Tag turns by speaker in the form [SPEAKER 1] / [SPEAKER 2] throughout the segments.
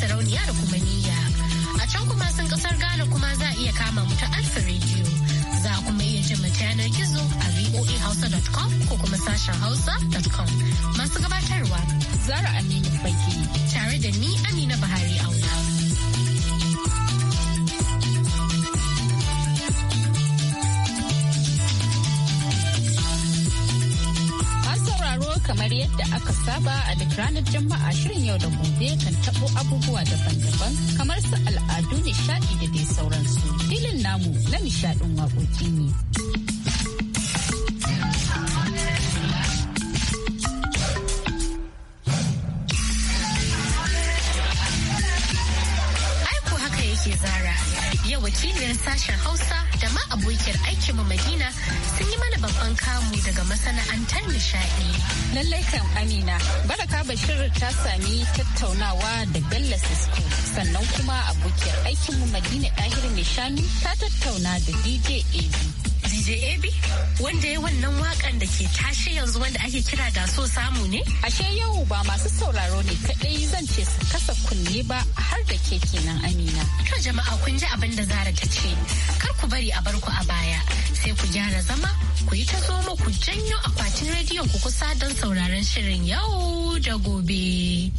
[SPEAKER 1] sarauniya da kuma niyya. A can kuma sun kasar Ghana kuma za a iya kama mu ta Alfa Radio. Za a kuma iya jin ta yanar gizo a voahausa.com ko kuma sashen hausa.com. Masu gabatarwa Zara Aminu Fage tare da ni Amina Bahari Auna.
[SPEAKER 2] kamar yadda aka saba a duk ranar Juma'a shirin yau da gobe kan tabo abubuwa daban-daban kamar su al'adu nishadi da dai sauransu. Filin namu na nishaɗin waƙoƙi ne.
[SPEAKER 1] haka zara yau wakiliyar sashen Hausa da ma abokiyar aikin mu Madina sun yi mana babban kamu daga masana'antar nishadi. Lallai kan
[SPEAKER 2] Amina, Baraka Bashir ta sami tattaunawa da Bello Sisko sannan kuma abokiyar aikin mu Madina Dahir Nishani ta tattauna da DJ AB. DJ AB wanda ya wannan wakan da ke tashe yanzu wanda ake kira da so samu ne? Ashe yau ba masu sauraro ne kaɗai zan ce su kasa kunne ba har da ke kenan
[SPEAKER 1] Amina. To jama'a kun ji abin da Zara ta ce, kar ku bari a barku a baya sai ku gyara zama ku yi ta zomo ku janyo akwatin rediyon ku kusa don sauraron shirin yau da gobe.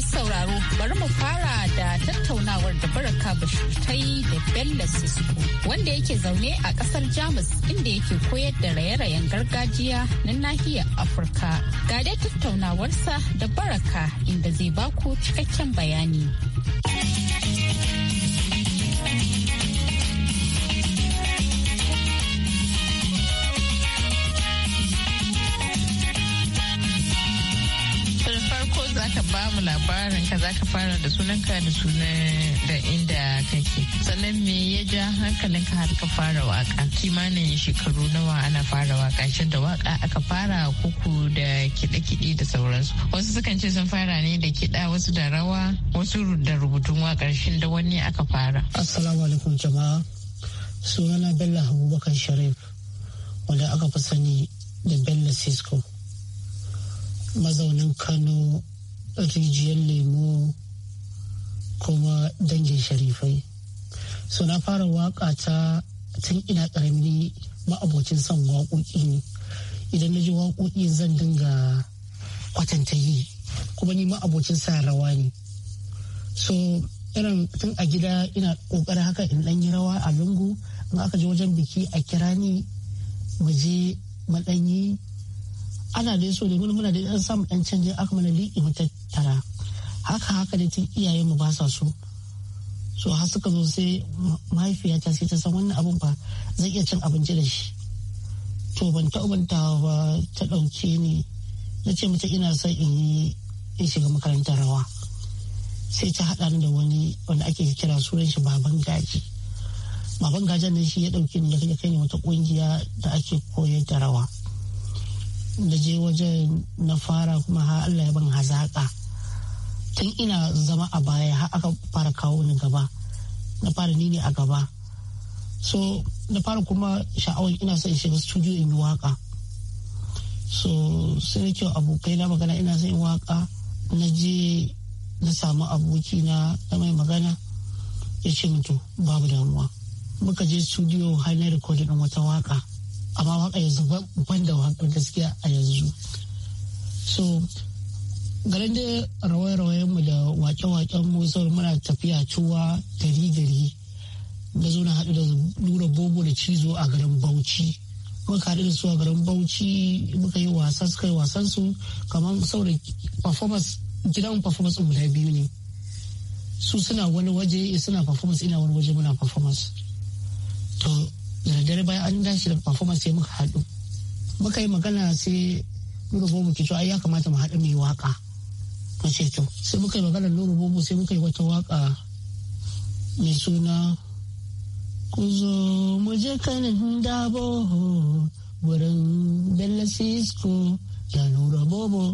[SPEAKER 2] masu sauraro bari mu fara da tattaunawar da baraka bashir da bella sisko wanda yake zaune a kasar jamus inda yake koyar da raye-rayen gargajiya na nahiyar afirka ga dai tattaunawarsa da baraka inda zai baku cikakken bayani.
[SPEAKER 3] ka
[SPEAKER 4] ba mu labarin ka zaka fara da sunanka da sunan da inda kake sannan me ya ja hankalinka har ka fara waka kimanin shekaru nawa ana fara waka shi da waka aka fara kuku da kiɗe-kiɗe da sauransu wasu sukan ce sun fara ne da kiɗa wasu da rawa wasu da rubutun wakar shi da wani aka fara
[SPEAKER 5] assalamu alaikum jama'a sunana bello abubakar sharif wanda aka fi sani da bello cisco mazaunin kano rijiyar lemo kuma dangin sharifai so na fara waka ta tun ina karami ma'abocin son waƙoƙi ne idan na ji waƙoƙi zan dinga kwatanta yi kuma ni ma'abocin sa rawa ne so irin tun a gida ina ƙoƙarin haka in ɗanyi rawa a lungu in aka je wajen biki a kira ni mu ana da so domin muna da yan samu ɗan canjin aka mana liƙi mu tattara haka haka da tun iyayen mu ba sa so so har suka zo sai mahaifiyata sai ta san wannan abun ba zai iya cin abinci da shi to ban ta ba ta ɗauke ni na ce mata ina son in yi in shiga makarantar rawa sai ta haɗa ni da wani wanda ake kira sunan shi baban gaji baban gajen nan shi ya ɗauke ni ya kai ni wata ƙungiya da ake koyar da rawa da je wajen na fara kuma har Allah ya ban hazaƙa tun ina zama a baya har aka fara kawo ni gaba na fara ni ne a gaba so na fara kuma sha'awar ina son shiga studio in yi waka so sai na kyau abokai na magana ina son waka na je na samu aboki na na mai magana ya ce mutu babu damuwa muka je studio har na rikodin wata waka amma waka yanzu ban da wahalar gaskiya a yanzu so garin da rawaye rawayenmu mu da wake-waken mu muna tafiya cewa gari-gari da zo na haɗu da lura bobo da cizo a garin bauchi muka haɗu da su a garin bauchi muka yi wasan suka yi wasan su kamar saboda performance gidan performance guda biyu ne su suna wani waje suna performance ina wani waje muna performance to da dare bayan an dace da performance sai muka haɗu muka yi magana sai nurubobu ke ai ya kamata mu haɗu mai waka ko ce to sai muka yi magana Bobo sai muka yi wata waka mai suna ku zo mu je kanin dabo wurin bella cisco da lura bobo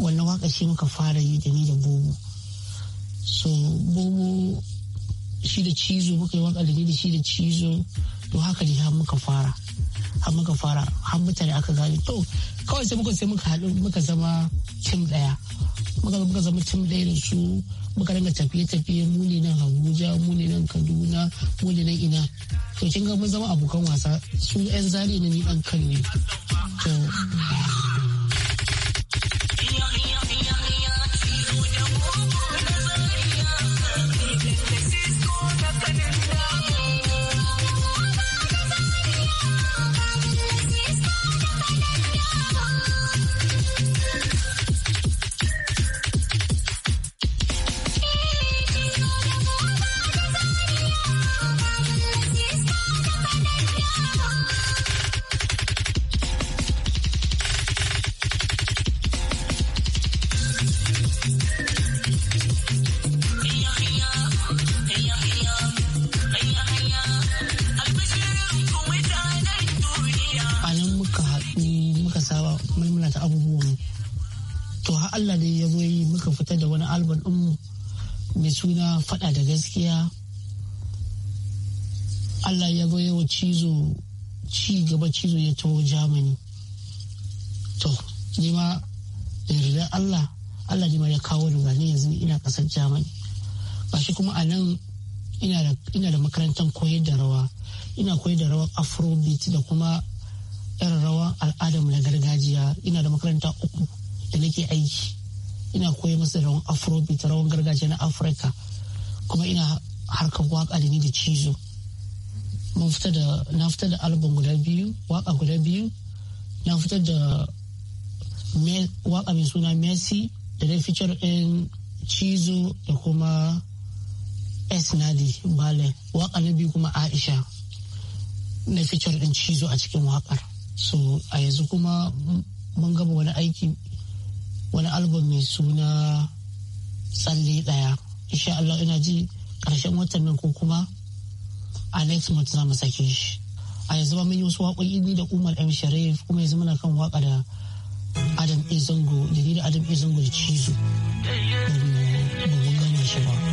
[SPEAKER 5] wannan waka shi muka fara yi da ni da bobo so bobo shi da cizo muka yi wani da ni da shi da cizo to haka ne har muka fara har muka fara har mutane aka gane to kawai sai muka sai muka haɗu muka zama tim ɗaya muka muka zama tim ɗaya da su muka dinga tafiye-tafiye mu ne nan Abuja mu ne nan Kaduna mu ne nan ina to kin ga mun zama abokan wasa su 'yan zari ne ni ɗan kan ne to gashi kuma a nan ina da makarantar koyar da rawa ina koyar da rawan afrobeat da kuma yan rawan al'adam na gargajiya ina da makaranta uku da nake aiki ina koyar masa rawan afrobeat rawan gargajiya na afirka kuma ina harkar waka da ni da cizo mun na fitar da album guda biyu waka guda biyu na fitar da waka mai suna messi da dai fitar in cizo da kuma s ladi balen waka na biyu kuma aisha na fitar din cizo a cikin wakar so a yanzu kuma mun gaba wani aiki wani album mai suna tsalle daya insha Allah ina ji karshen watan nan ko kuma a next month za mu sake shi a yanzu ba mun yi wasu waƙoƙi ni da Umar M Sharif kuma yanzu muna kan waƙa da Adam Izango da ni da Adam Izango da
[SPEAKER 3] Cizo. Ba mu gama shi ba.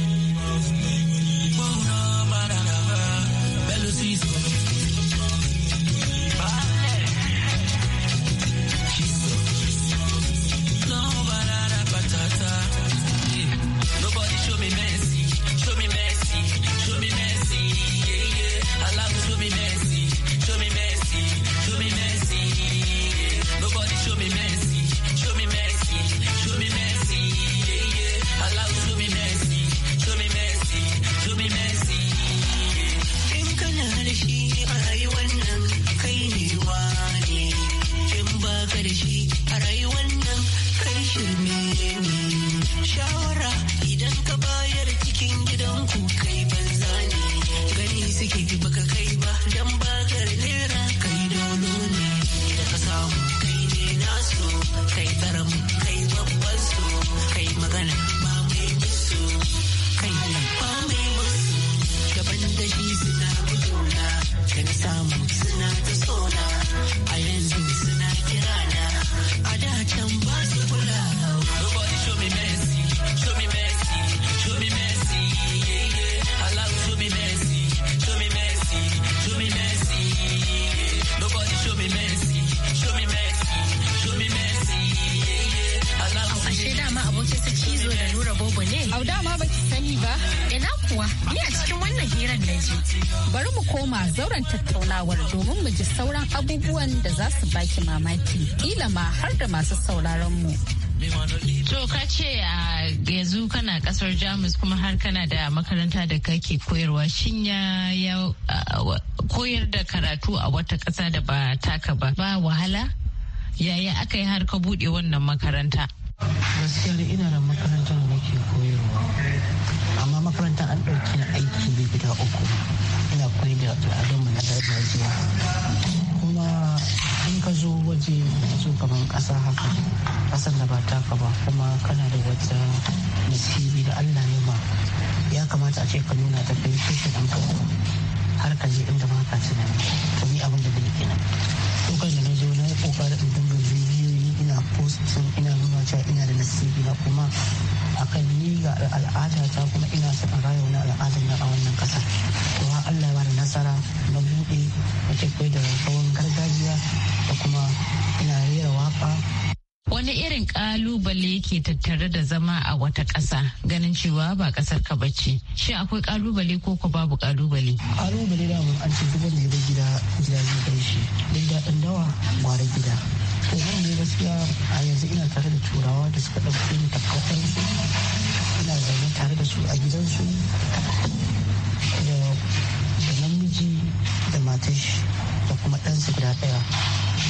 [SPEAKER 2] wannan tattaunawar domin mu ji sauran abubuwan da za su baki mamaki kila ma har da masu sauraron mu.
[SPEAKER 4] To ka ce a yanzu kana kasar Jamus kuma har kana da makaranta da kake koyarwa shin ya koyar da karatu a wata ƙasa da ba taka ba ba wahala? Yaya aka yi har ka buɗe wannan makaranta?
[SPEAKER 5] Gaskiya da ina da makarantar da nake koyarwa amma makarantar an ɗauki na aiki gida uku. rage mu na gargajiya kuma in ka zo waje zo kamar ƙasa haka ƙasar da ba taka ba kuma kana da wata nasibi da allah ne ya kamata a ce ka nuna ta kai shi ɗanka har ka je inda ma ka tunani to ni abin da bai kenan lokacin da na zo na yi ƙoƙarin in dinga bidiyoyi ina postin ina nuna cewa ina da nasibi na kuma akan ni ga al'adata kuma ina son a na al'adar na a wannan ƙasar to Allah nasara na buɗe wata kai da rawan gargajiya da kuma ina rera waka
[SPEAKER 4] wani irin ƙalubale yake tattare da zama a wata ƙasa ganin cewa ba ƙasar ka bace shi akwai kalubale ko ko babu kalubale
[SPEAKER 5] kalubale da mun an ce duk wanda ya bar gida gida zai kai shi Duk da ɗan dawa gwara gida to zan ne gaskiya a yanzu ina tare da turawa da suka ɗauke ni takkafan su ina zaune tare da su a gidansu matar shi da kuma ɗansa guda ɗaya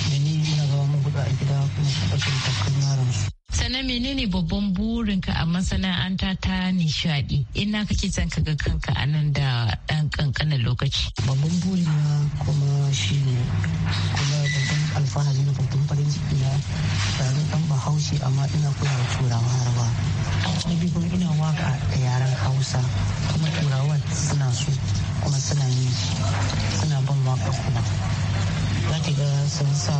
[SPEAKER 5] da ni ina zama mu a gida kuma ƙarfin takkan yaron su.
[SPEAKER 4] sannan menene babban burinka a masana'anta ta nishadi ina kake son ka ga kanka a nan
[SPEAKER 5] da ɗan ƙanƙanin lokaci babban burin na kuma shi ne kuma babban alfahari na babban farin ciki na tsarin ɗan bahaushe amma ina koya wa turawa harba na biyu ina waka da yaren hausa kuma turawan suna so kuma suna yi suna bin waka kuma za ki ga sun sa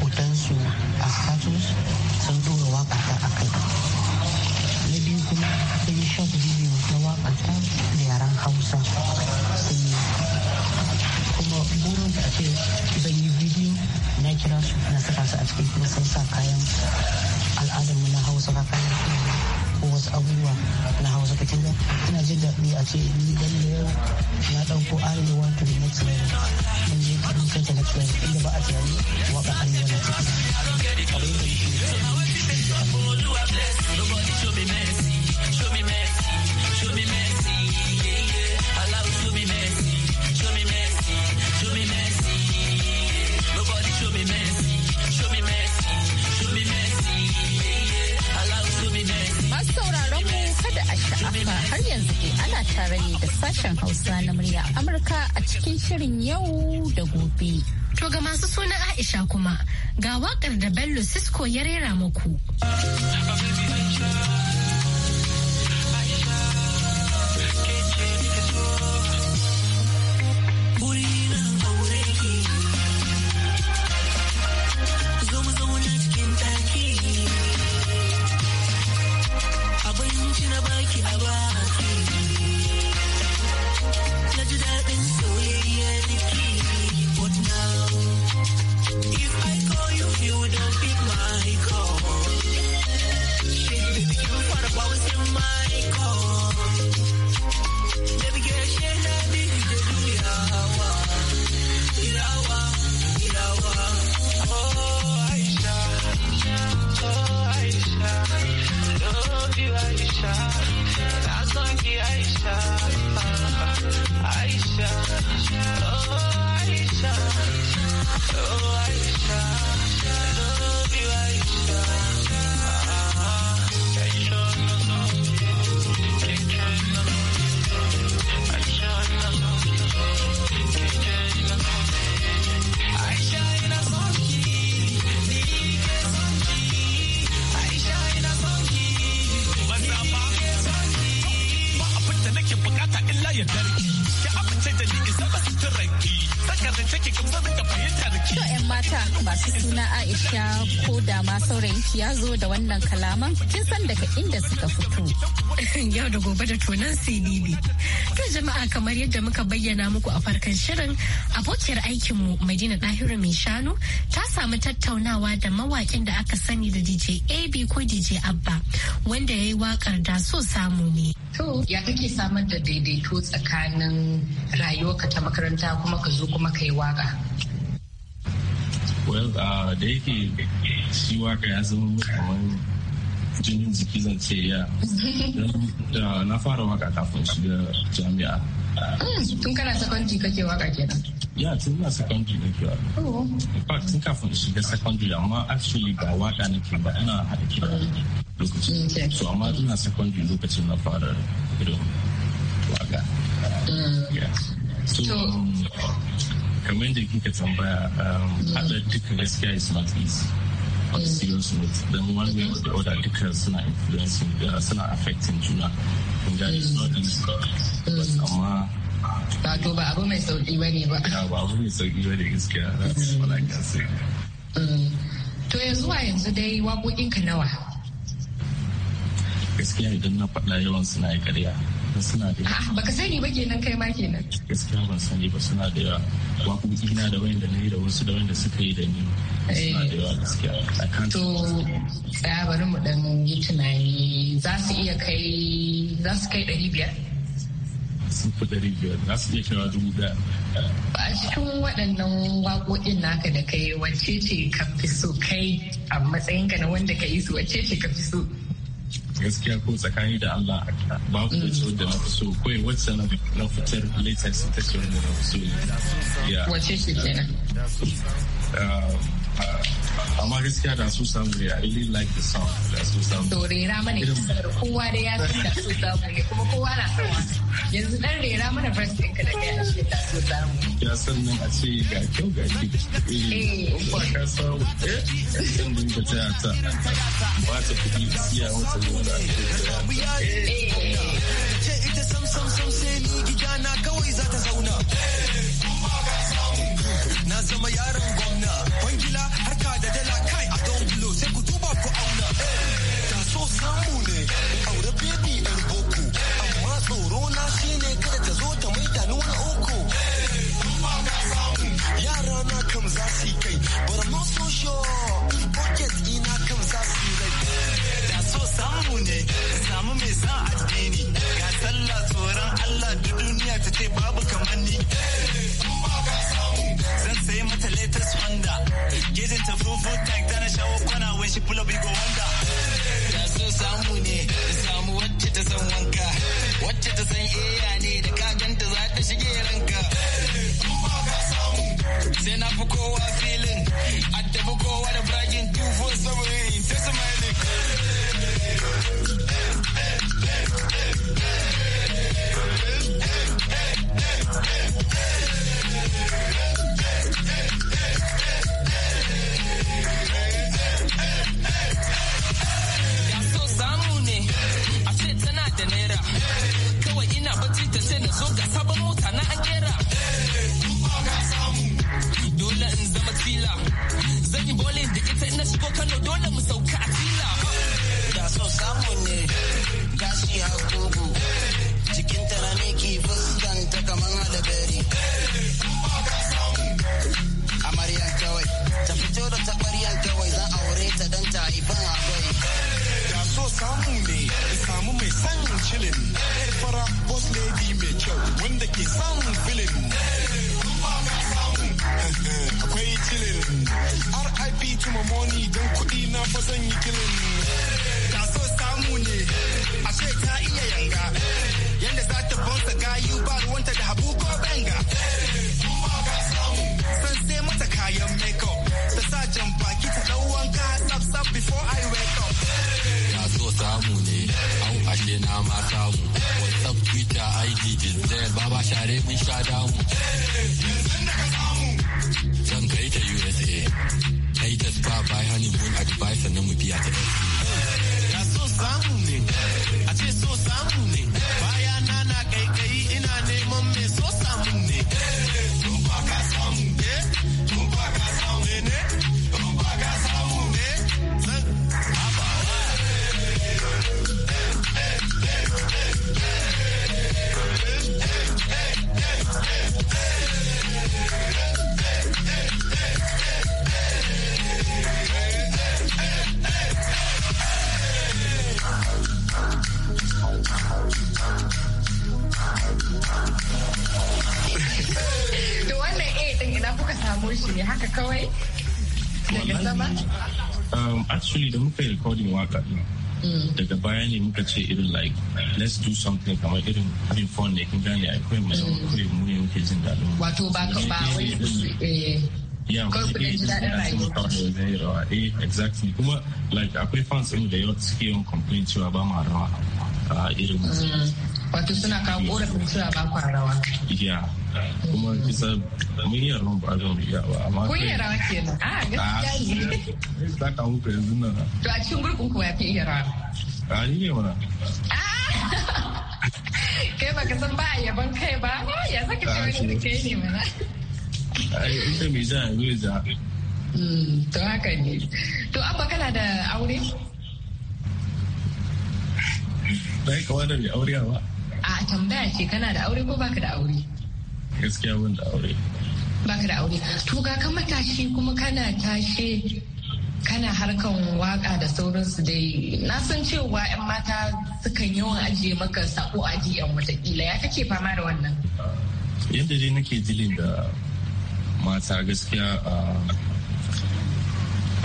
[SPEAKER 5] hotonsu a status sun dora waka a kai na biyu kuma sun yi video na waka ta da yaren hausa jin daɗi a ce ni lalle yau na ɗauko arewa to the next level mun je mun kai ta next level inda ba a
[SPEAKER 3] tunani waka arewa na ciki abin da yake Show me mercy, show me mercy, show me mercy.
[SPEAKER 2] tare ne da sashen
[SPEAKER 3] Hausa na murya
[SPEAKER 1] Amurka a cikin shirin yau da gobe. To ga masu suna Aisha kuma ga wakar da Bello Sisko ya rera muku.
[SPEAKER 2] amma saurayinki ya zo da wannan kalaman kin
[SPEAKER 1] san daga inda suka fito. Yau da gobe da tonan CDB. To jama'a kamar yadda muka bayyana muku a farkon shirin abokiyar aikinmu Madina Dahiru mai shanu ta samu tattaunawa da mawakin da aka sani da DJ AB ko DJ Abba
[SPEAKER 6] wanda ya yi wakar da so samu ne. To ya kake samar da daidaito tsakanin rayuwarka ta makaranta kuma ka zo kuma ka yi waka.
[SPEAKER 7] well da yake shi waka ya zama kamar jinin jiki zan ce ya uh, na fara waka kafin shiga jami'a
[SPEAKER 6] tun kana secondary kake waka kenan
[SPEAKER 7] ya tun na secondary nake waka oh. in fact tun kafin shiga secondary amma actually ba waka nake ba ina haɗa kira lokacin mm, so amma ina secondary lokacin na fara irin waka
[SPEAKER 3] mm.
[SPEAKER 7] so um, kamar da kika tambaya um, haɗa duka gaskiya is not easy on serious note then one way or the other duka suna influencing uh, suna affecting juna in that is not easy but amma
[SPEAKER 6] wato ba abu mai sauki ba ne ba
[SPEAKER 7] ba abu mai sauki ba ne gaskiya that's what I can say
[SPEAKER 6] mm. to yanzu a yanzu dai waƙoƙinka nawa
[SPEAKER 7] gaskiya idan na faɗa yawan suna yi ƙarya da suna da Baka
[SPEAKER 6] sani ba kenan kai ma kenan.
[SPEAKER 7] Gaskiya ban sani ba suna da yawa. Waƙoƙi na da wanda na yi da wasu da wanda suka yi
[SPEAKER 6] da ni. Suna da yawa
[SPEAKER 7] gaskiya. To
[SPEAKER 6] tsaya bari mu dan yi tunani za su iya kai za su kai ɗari biyar. sun fi ɗari biyar
[SPEAKER 7] za su iya kaiwa dubu ɗaya.
[SPEAKER 6] A cikin waɗannan waƙoƙin naka da kai wacce ce ka fi so kai a matsayinka na wanda ka yi su wacce ce ka fi so?
[SPEAKER 7] gaskiya ko tsakani da Allah ba ku mm. so da na so ko wacce na na fitar later sai ta so ya wace shi kenan um, uh, amma gaskiya da so samu ne i really like the sound da so samu to
[SPEAKER 6] rera mana ita da kowa da ya san da so samu ne kuma kowa na san yanzu dan rera mana
[SPEAKER 3] verse din ka da kai a shi da so samu
[SPEAKER 7] ya san nan a ce ga kyau ga ki eh ba ka san eh dan din ta ta ba ta fi siya wata
[SPEAKER 3] ne da ya eh RIP to mamoni don kuɗi na fa zan yi kilin. Ka so samu ne, ashe ta iya yanga. Yanda za ta bonsa gayu ba ruwanta da habu ko benga. San sai mata kayan makeup, ta sa jan baki ta ɗau wanka sab sab before I wake up. Ka so
[SPEAKER 7] samu ne, au ashe na ma samu. WhatsApp, Twitter, IG, Jizzle, Baba Share mun sha damu. ta usa aidas ba bai honeymoon a dubai mu biya ta ka
[SPEAKER 3] eh, so samu ne a ce so samu ne baya na na kai
[SPEAKER 7] actually da muka yi recording waka din daga baya ne muka ce irin like let's do something kamar irin having fun ne kun gane akwai mai mm. kawai mu ne muke jin daɗin wato ba ka ba wai eh, yeah kawai kuɗin ji daɗin rayuwa eh exactly kuma like akwai fans ɗin da yawa suke yawan complain cewa ba ma rawa ah, irin mm.
[SPEAKER 6] wato suna kawo korafin cewa ba kwa rawa
[SPEAKER 7] iya kuma kisa mun yi rawan ba zan iya ba kun yi rawa nan. a
[SPEAKER 6] ah, ah, gaskiya ne
[SPEAKER 7] za ka muku yanzu nan
[SPEAKER 6] to a cikin gurbin kuma ya fi iya rawa
[SPEAKER 7] a ni ne mana ah!
[SPEAKER 6] kai ka san ba a yaban kai ba ya saka ce wani kai ne mana
[SPEAKER 7] ai inda mai za a yi za
[SPEAKER 6] to haka ne to abba kana da aure
[SPEAKER 7] Dai kawai da mai ba.
[SPEAKER 6] tambaya ce kana da aure ko baka da aure
[SPEAKER 7] gaskiya ban da aure
[SPEAKER 6] baka da aure to ga ka matashi kuma kana tashe kana harkan waka da sauransu dai na san cewa 'yan mata sukan yawan ajiye maka sako a DM watakila ya kake fama da wannan
[SPEAKER 7] yadda dai nake dilin da mata gaskiya a ah,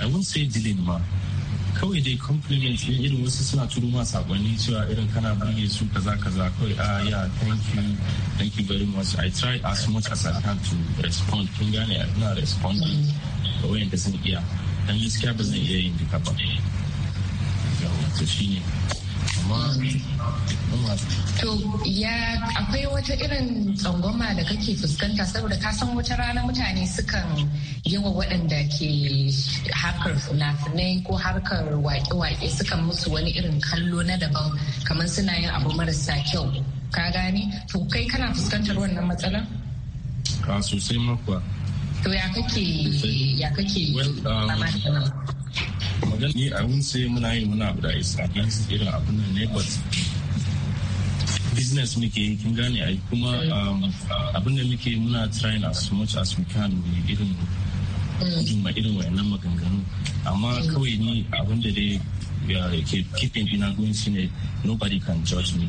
[SPEAKER 7] i won't say dilin ma kawai dai compliment ne irin wasu suna turo ma sakonni cewa irin kana burge su kaza kaza kawai a ah, ya thank you thank you very much i try as much as i can to respond kin gane ina responding ga wayanda sun iya dan gaskiya ba zan iya yin duka ba to shine
[SPEAKER 6] To ya akwai wata irin tsangwama da kake fuskanta saboda ka san wata rana mutane sukan yi wa waɗanda ke harkar fina-finai ko harkar waƙe-waƙe sukan musu wani irin kallo na daban kamar suna yin abu marasa kyau ka gane to kai kana fuskantar wannan matsalar?
[SPEAKER 7] ka sosai makwa
[SPEAKER 6] to ya kake ya kake um,
[SPEAKER 7] wajen ni a wun sai muna yi muna abu da isa irin abin ne but business muke yi kin gane ai kuma um, abin da muke muna trying as much as we can mu irin ma irin wayannan maganganu amma kawai ni abin da dai ke keeping ina shi ne nobody can judge me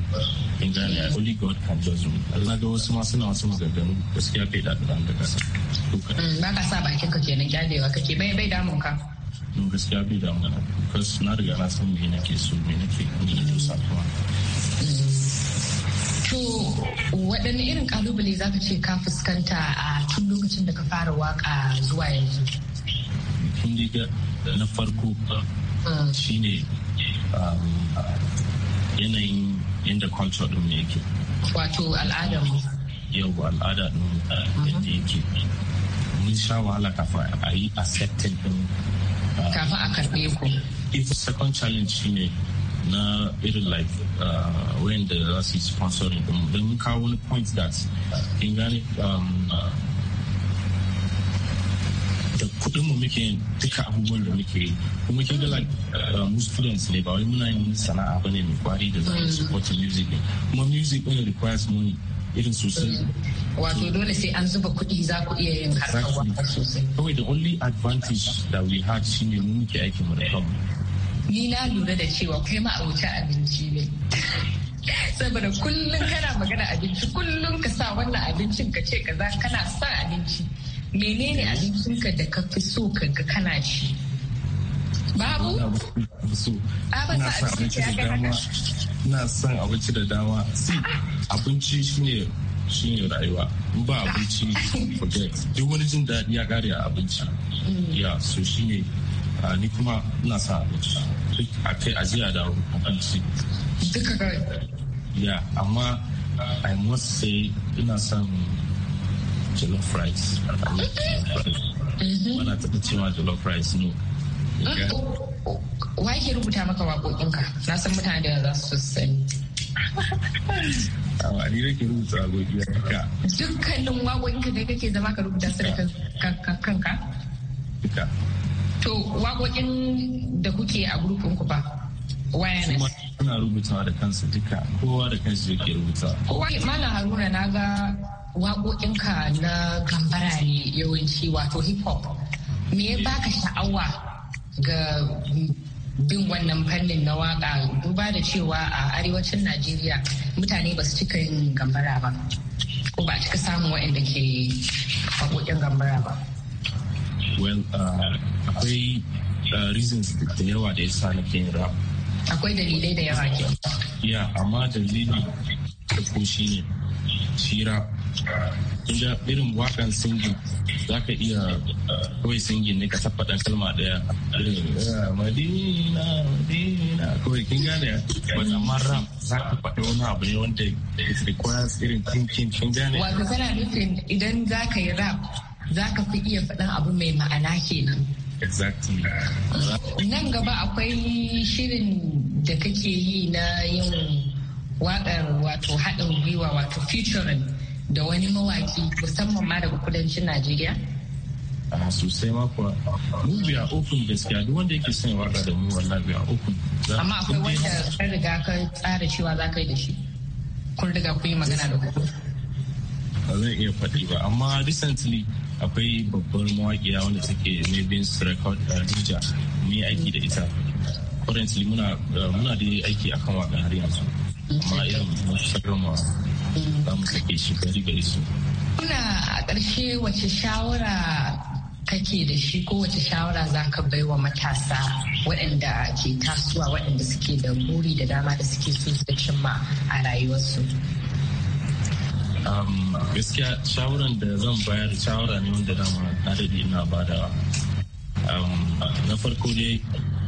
[SPEAKER 7] kin gane only God can judge me a ga wasu masu na wasu maganganu gaskiya bai da da kasa
[SPEAKER 6] mm, ba ka sa bakin ka kenan kyalewa kake bai bai damun ka
[SPEAKER 7] gaskiya bai da mana kus na riga na san me nake so me nake
[SPEAKER 5] me nake so
[SPEAKER 6] To waɗanne irin kalubale za ka ce ka fuskanta a tun lokacin da ka fara waka zuwa yanzu?
[SPEAKER 7] Kun ga na farko hmm. shine um, yanayin inda culture ɗin yake.
[SPEAKER 6] Wato al'adar mu.
[SPEAKER 7] Yau al'ada ɗin uh, yadda yake. Mun sha wahala kafin a yi accepting ɗin
[SPEAKER 5] kafin a karbe
[SPEAKER 6] ku
[SPEAKER 7] ita second challenge ne na irin like uh, wayan da za su yi sponsoring Then we can only point that in gane um, da kudin mu muke yin duka abubuwan da muke yi kuma kin ga like uh, mu students ne ba wai muna yin sana'a bane mai kwari da za mu support music ne kuma music ne requires money irin su
[SPEAKER 6] Wato dole sai an zuba kuɗi za ku iya yin harkar
[SPEAKER 7] sosai. Kawai the only advantage that we had shine mun ke aiki mu da kanmu.
[SPEAKER 6] ni na lura da cewa kai ma abinci abinci ne saboda kullum kana magana abinci kullum ka sa wannan abincin ka ce kaza kana sa abinci menene ka da ka fi so ka ga kana ci babu
[SPEAKER 7] abinci da dama ina son abinci da dama si abinci shine shine rayuwa in ba abinci forget duk wani jin daɗi ya kare a abinci ya so shine ah, ni kuma ina son abinci a kai ajiya da abinci duka ya amma i must say ina son jollof rice wana mm-hmm. taɓa cewa jollof rice no
[SPEAKER 6] wa ke rubuta maka waƙoƙinka na san mutane da za su sani
[SPEAKER 7] Awa ni ke rubuta waƙoƙi ka.
[SPEAKER 6] Dukkanin waƙoƙinka da kake zama ka rubuta su da kanka? To waƙoƙin da kuke a gurbin ku ba waya ne.
[SPEAKER 7] Suna rubutawa da kansu duka kowa da kansu yake rubuta.
[SPEAKER 6] Kowa Malam Haruna na ga waƙoƙinka na gambara ne yawanci wato hip hop. Me ya baka sha'awa ga bin wannan fannin na waka duba da cewa a arewacin najeriya mutane ba su cika yin gambara ba ko ba cika samun waɗanda ke haƙoƙin gambara ba well uh,
[SPEAKER 7] akwai uh, reasons da yawa da ya sa na yin rap
[SPEAKER 6] akwai dalilai da
[SPEAKER 5] yawa ke
[SPEAKER 7] ya amma dalili da ko shi ne shi rap inda irin wakan singin za ka iya uh, kawai singin ne ka dan kalma daya ah, madina madina kawai kin gane wannan amma za ka faɗi wani abu ne wanda it requires irin thinking kin gane wato kana
[SPEAKER 6] nufin idan za ka yi rap za ka fi iya faɗan abu mai ma'ana kenan
[SPEAKER 7] exactly
[SPEAKER 6] nan gaba akwai shirin da kake yi na yin wakar wato haɗin gwiwa wato featuring da wani mawaki musamman ma daga kudancin najeriya
[SPEAKER 7] a ah, sosai ma kuwa mu biya open gaskiya duk wanda yake son waka da mu wannan biya open amma akwai wanda
[SPEAKER 6] ka riga ka tsara cewa za ka yi da shi kun riga kun yi magana da ku ba
[SPEAKER 7] zan iya faɗi ba amma recently akwai babbar mawaƙiya wanda take Maybin's record uh, Rija mun aiki da ita currently muna uh, muna da aiki akan waka har yanzu amma irin mun shirya za
[SPEAKER 6] Kuna a ƙarshe wace shawara kake da shi ko wace shawara za ka bai wa matasa waɗanda ke tasowa waɗanda suke da buri da dama da suke so su cimma a rayuwarsu.
[SPEAKER 7] Um, gaskiya shawaran da zan bayar shawara ne wanda dama na daɗe ina um, na farko dai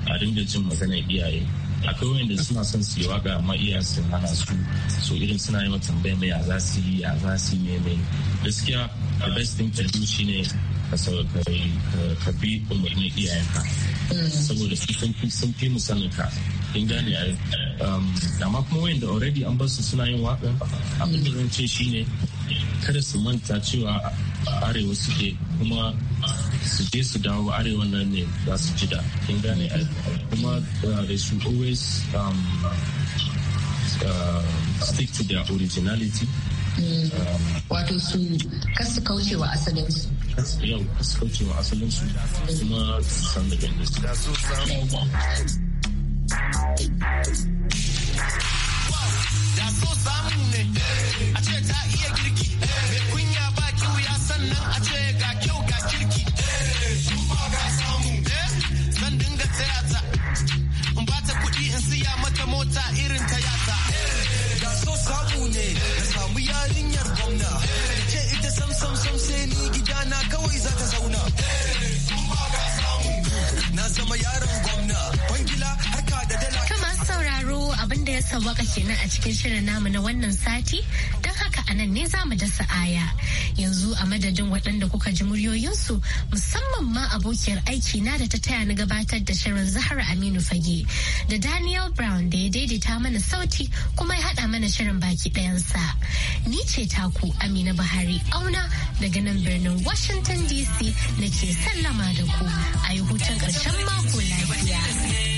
[SPEAKER 7] a dinga jin magana iyaye akwai wanda suna son su yi waka amma iya su hana su so irin suna yi tambaya mai a za su yi ya za su yi mai gaskiya the best thing to do shine ka ka bi umarnin iyayenka mm. saboda sun fi fi musamman ka in gane um, amma kuma wayanda already an basu suna yin waƙa abin da zan ce shine kada su manta cewa arewa suke kuma su je su dawo arewa nan ne za su ji da kin gane kuma uh, they should always um, uh, stick to their originality mm. wato
[SPEAKER 6] su kasu kauce wa asalinsu
[SPEAKER 7] yau kasu kauce wa asalinsu kuma
[SPEAKER 3] su san da da so ne a ce ta iya girki kunya baki wuya sannan a ce
[SPEAKER 1] wannan waka kenan a cikin shirin namu na wannan sati don haka a nan ne za mu dasa aya yanzu a madadin waɗanda kuka ji muryoyinsu musamman ma abokiyar aiki na da ta taya ni gabatar da shirin zahra aminu fage da daniel brown da ya daidaita mana sauti kuma ya haɗa mana shirin baki ɗayansa ni ce taku amina buhari auna daga nan birnin washington dc na ke sallama da ku
[SPEAKER 3] a yi hutun ƙarshen mako lafiya.